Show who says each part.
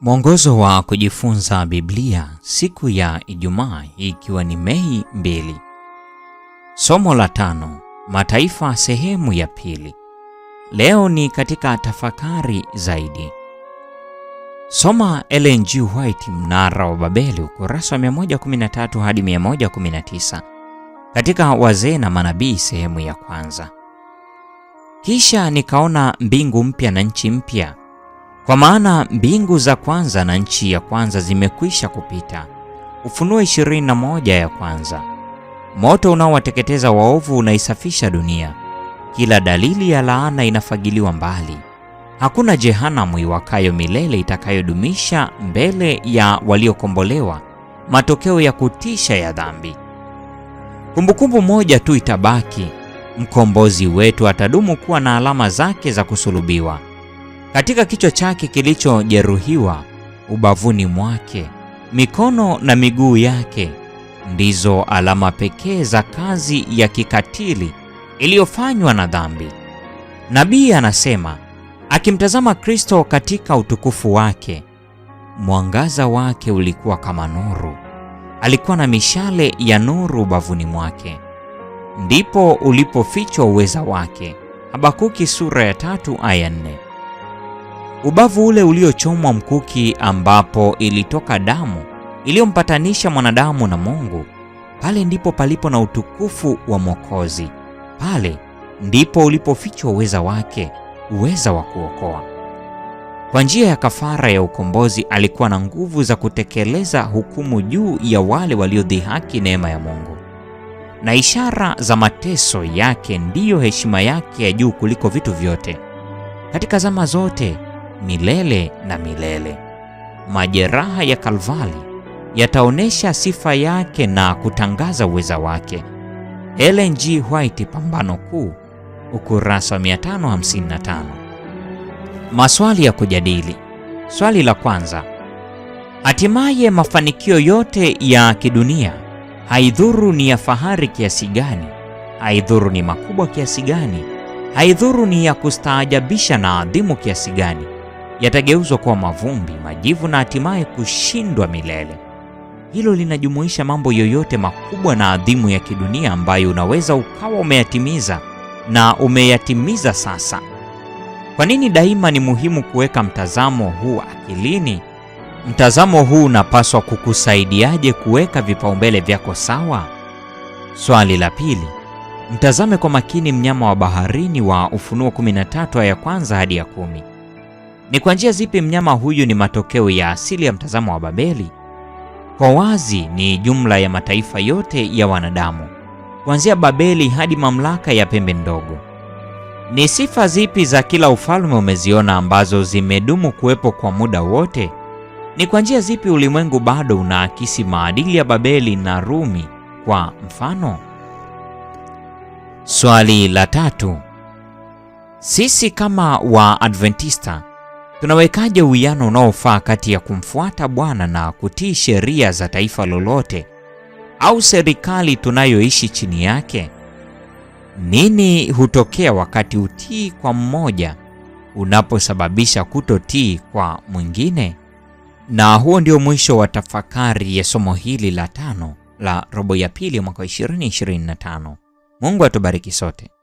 Speaker 1: Mwongozo wa kujifunza Biblia siku ya Ijumaa ikiwa ni Mei mbili. Somo la tano, mataifa sehemu ya pili. Leo ni katika tafakari zaidi. Soma Ellen G. White Mnara wa Babeli ukurasa wa 113 hadi 119 katika Wazee na Manabii sehemu ya kwanza. Kisha nikaona mbingu mpya na nchi mpya kwa maana mbingu za kwanza na nchi ya kwanza zimekwisha kupita. Ufunuo 21 ya kwanza. Moto unaowateketeza waovu unaisafisha dunia, kila dalili ya laana inafagiliwa mbali. Hakuna jehanamu iwakayo milele itakayodumisha mbele ya waliokombolewa matokeo ya kutisha ya dhambi. Kumbukumbu moja tu itabaki: mkombozi wetu atadumu kuwa na alama zake za kusulubiwa katika kichwa chake kilichojeruhiwa, ubavuni mwake, mikono na miguu yake ndizo alama pekee za kazi ya kikatili iliyofanywa na dhambi. Nabii anasema akimtazama Kristo katika utukufu wake, mwangaza wake ulikuwa kama nuru, alikuwa na mishale ya nuru bavuni mwake, ndipo ulipofichwa uweza wake. Habakuki sura ya tatu aya nne ubavu ule uliochomwa mkuki, ambapo ilitoka damu iliyompatanisha mwanadamu na Mungu. Pale ndipo palipo na utukufu wa Mwokozi, pale ndipo ulipofichwa uweza wake, uweza wa kuokoa. Kwa njia ya kafara ya ukombozi, alikuwa na nguvu za kutekeleza hukumu juu ya wale waliodhihaki neema ya Mungu, na ishara za mateso yake ndiyo heshima yake ya juu kuliko vitu vyote. Katika zama zote milele na milele. Majeraha ya kalvali yataonesha sifa yake na kutangaza uweza wake. Ellen G. White, Pambano Kuu, ukurasa 555. Maswali ya kujadili. Swali la kwanza: hatimaye mafanikio yote ya kidunia, haidhuru ni ya fahari kiasi gani, haidhuru ni makubwa kiasi gani, haidhuru ni ya kustaajabisha na adhimu kiasi gani yatageuzwa kuwa mavumbi, majivu na hatimaye kushindwa milele. Hilo linajumuisha mambo yoyote makubwa na adhimu ya kidunia ambayo unaweza ukawa umeyatimiza na umeyatimiza sasa. Kwa nini daima ni muhimu kuweka mtazamo huu akilini? Mtazamo huu unapaswa kukusaidiaje kuweka vipaumbele vyako sawa? Swali la pili, mtazame kwa makini mnyama wa baharini wa Ufunuo 13 aya ya kwanza hadi ya kumi. Ni kwa njia zipi mnyama huyu ni matokeo ya asili ya mtazamo wa Babeli? Kwa wazi ni jumla ya mataifa yote ya wanadamu kuanzia Babeli hadi mamlaka ya pembe ndogo. Ni sifa zipi za kila ufalme umeziona ambazo zimedumu kuwepo kwa muda wote? Ni kwa njia zipi ulimwengu bado unaakisi maadili ya Babeli na Rumi kwa mfano? Swali la tatu. Sisi kama Waadventista Tunawekaje uwiano unaofaa kati ya kumfuata Bwana na kutii sheria za taifa lolote au serikali tunayoishi chini yake? Nini hutokea wakati utii kwa mmoja unaposababisha kutotii kwa mwingine? Na huo ndio mwisho wa tafakari ya somo hili la tano la robo ya pili mwaka 2025. Mungu atubariki sote.